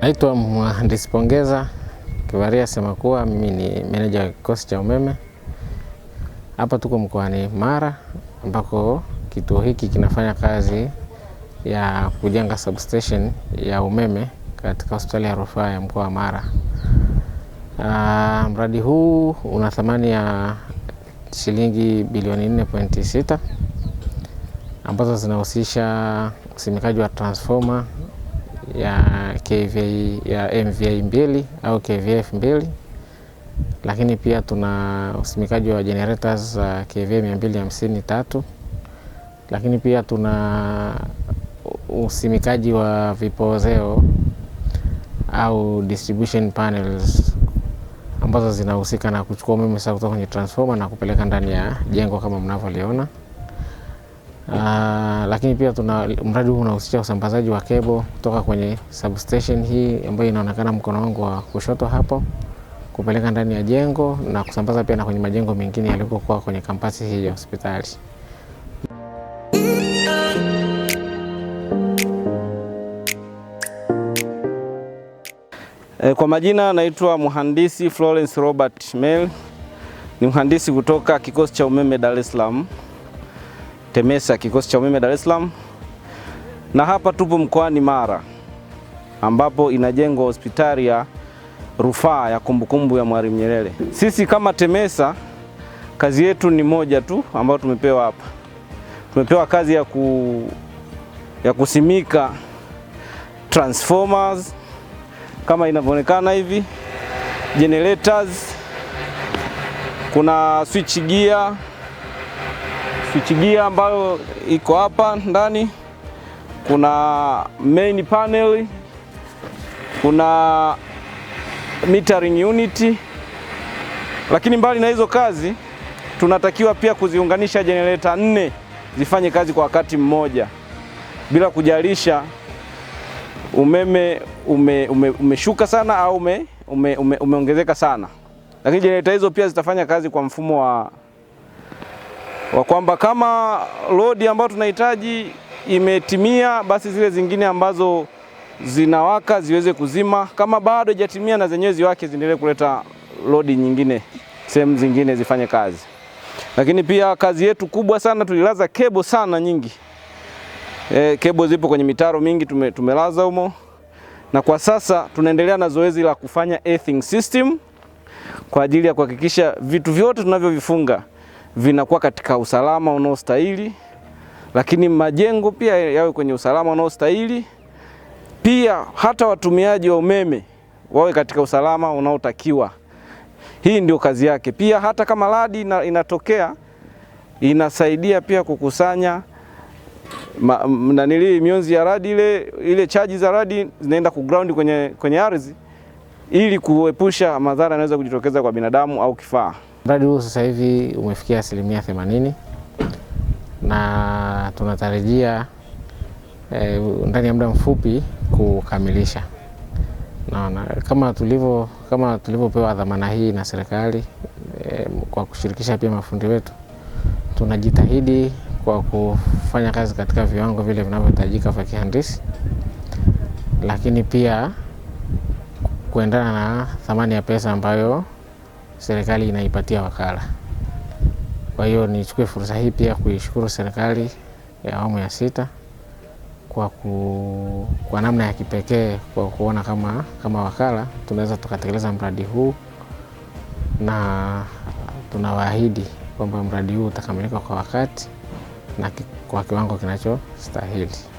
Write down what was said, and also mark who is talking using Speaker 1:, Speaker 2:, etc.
Speaker 1: Naitwa Mhandisi Pongeza Kivaria Semakuwa, mimi ni meneja wa kikosi cha umeme hapa. Tuko mkoani Mara ambako kituo hiki kinafanya kazi ya kujenga substation ya umeme katika hospitali ya rufaa ya mkoa wa Mara. Aa, ah, mradi huu una thamani ya shilingi bilioni 4.6 ambazo zinahusisha usimikaji wa transformer ya KVA ya MVA mbili au KVF mbili, lakini pia tuna usimikaji wa generators za KVA mia mbili hamsini tatu, lakini pia tuna usimikaji wa vipozeo au distribution panels ambazo zinahusika na kuchukua umeme sasa kutoka kwenye transformer na kupeleka ndani ya jengo kama mnavyoliona. Uh, lakini pia tuna mradi huu unahusisha usambazaji wa kebo kutoka kwenye substation hii ambayo inaonekana mkono wangu wa kushoto hapo kupeleka ndani ya jengo na kusambaza pia na kwenye majengo mengine yaliyokuwa kwenye kampasi hii ya hospitali.
Speaker 2: Eh, kwa majina naitwa mhandisi Florence Robert Mel, ni mhandisi kutoka kikosi cha umeme Dar es Salaam. TEMESA kikosi cha umeme Dar es Salaam, na hapa tupo mkoani Mara ambapo inajengwa hospitali ya rufaa ya kumbukumbu ya Mwalimu Nyerere. Sisi kama TEMESA kazi yetu ni moja tu ambayo tumepewa hapa, tumepewa kazi ya, ku, ya kusimika transformers kama inavyoonekana hivi, generators, kuna switch gear switch ambayo iko hapa ndani, kuna main panel, kuna metering unit. Lakini mbali na hizo kazi, tunatakiwa pia kuziunganisha generator nne zifanye kazi kwa wakati mmoja bila kujalisha umeme ume, ume, umeshuka sana au ume, ume, umeongezeka sana, lakini generator hizo pia zitafanya kazi kwa mfumo wa wa kwamba kama lodi ambayo tunahitaji imetimia, basi zile zingine ambazo zinawaka ziweze kuzima, kama bado haijatimia na zenyewe ziwake, ziendelee kuleta lodi nyingine sehemu zingine zifanye kazi. Lakini pia kazi yetu kubwa sana, tulilaza kebo sana nyingi. E, kebo zipo kwenye mitaro mingi tume, tumelaza humo, na kwa sasa tunaendelea na zoezi la kufanya earthing system kwa ajili ya kuhakikisha vitu vyote tunavyovifunga vinakuwa katika usalama unaostahili, lakini majengo pia yawe kwenye usalama unaostahili. Pia hata watumiaji wa umeme wawe katika usalama unaotakiwa. Hii ndio kazi yake. Pia hata kama radi inatokea, inasaidia pia kukusanya nanili mionzi ya radi ile, ile chaji za radi zinaenda kuground kwenye, kwenye ardhi ili kuepusha madhara yanaweza kujitokeza kwa binadamu au kifaa.
Speaker 3: Mradi huu sasa hivi umefikia asilimia themanini na tunatarajia e, ndani ya muda mfupi kukamilisha. Naona kama tulivyo kama tulivyopewa dhamana hii na serikali e, kwa kushirikisha pia mafundi wetu, tunajitahidi kwa kufanya kazi katika viwango vile vinavyohitajika vya kihandisi, lakini pia kuendana na thamani ya pesa ambayo serikali inaipatia wakala. Kwa hiyo nichukue fursa hii pia kuishukuru serikali ya awamu ya sita kwa, ku, kwa namna ya kipekee kwa kuona kama, kama wakala tunaweza tukatekeleza mradi huu na tunawaahidi kwamba mradi huu utakamilika kwa wakati na kwa kiwango kinachostahili.